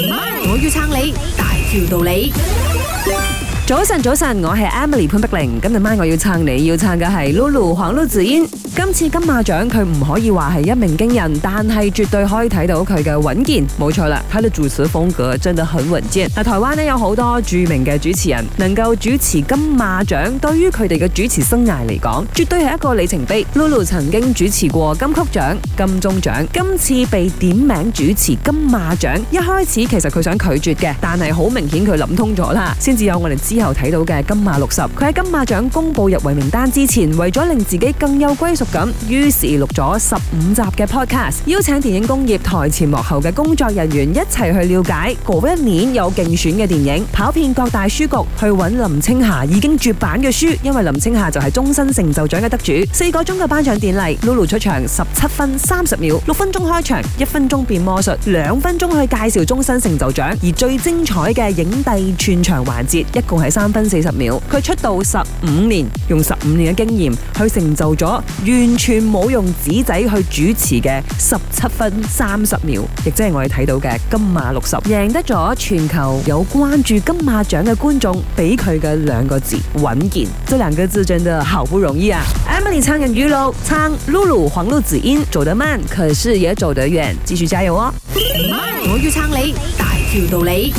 我要撐你，大條道理。早晨，早晨，我係 Emily 潘碧玲，今日晚我要撐你，要撐嘅係 Lulu 黃路梓茵。今次金馬獎佢唔可以話係一鳴驚人，但係絕對可以睇到佢嘅穩健，冇錯啦。佢嘅主持風格真的很穩健。喺台灣咧有好多著名嘅主持人，能夠主持金馬獎，對於佢哋嘅主持生涯嚟講，絕對係一個里程碑。Lulu 曾經主持過金曲獎、金鐘獎，今次被點名主持金馬獎，一開始其實佢想拒絕嘅，但係好明顯佢諗通咗啦，先至有我哋之後睇到嘅金馬六十。佢喺金馬獎公布入圍名單之前，為咗令自己更有歸屬。咁於是錄咗十五集嘅 podcast，邀請電影工業台前幕後嘅工作人員一齊去了解嗰一年有競選嘅電影，跑遍各大書局去揾林青霞已經絕版嘅書，因為林青霞就係終身成就獎嘅得主。四個鐘嘅頒獎典禮，Lulu 出場十七分三十秒，六分鐘開場，一分鐘變魔術，兩分鐘去介紹終身成就獎，而最精彩嘅影帝串場環節，一共係三分四十秒。佢出道十五年，用十五年嘅經驗去成就咗完全冇用紙仔去主持嘅十七分三十秒，亦即係我哋睇到嘅金馬六十，贏得咗全球有關注金馬獎嘅觀眾俾佢嘅兩個字穩健。即兩個字真係好不容易啊！Emily 撐人語錄，撐 Lulu 黃路梓茵做得慢，可是也做得遠，繼續加油哦！我要撐你，大條道理。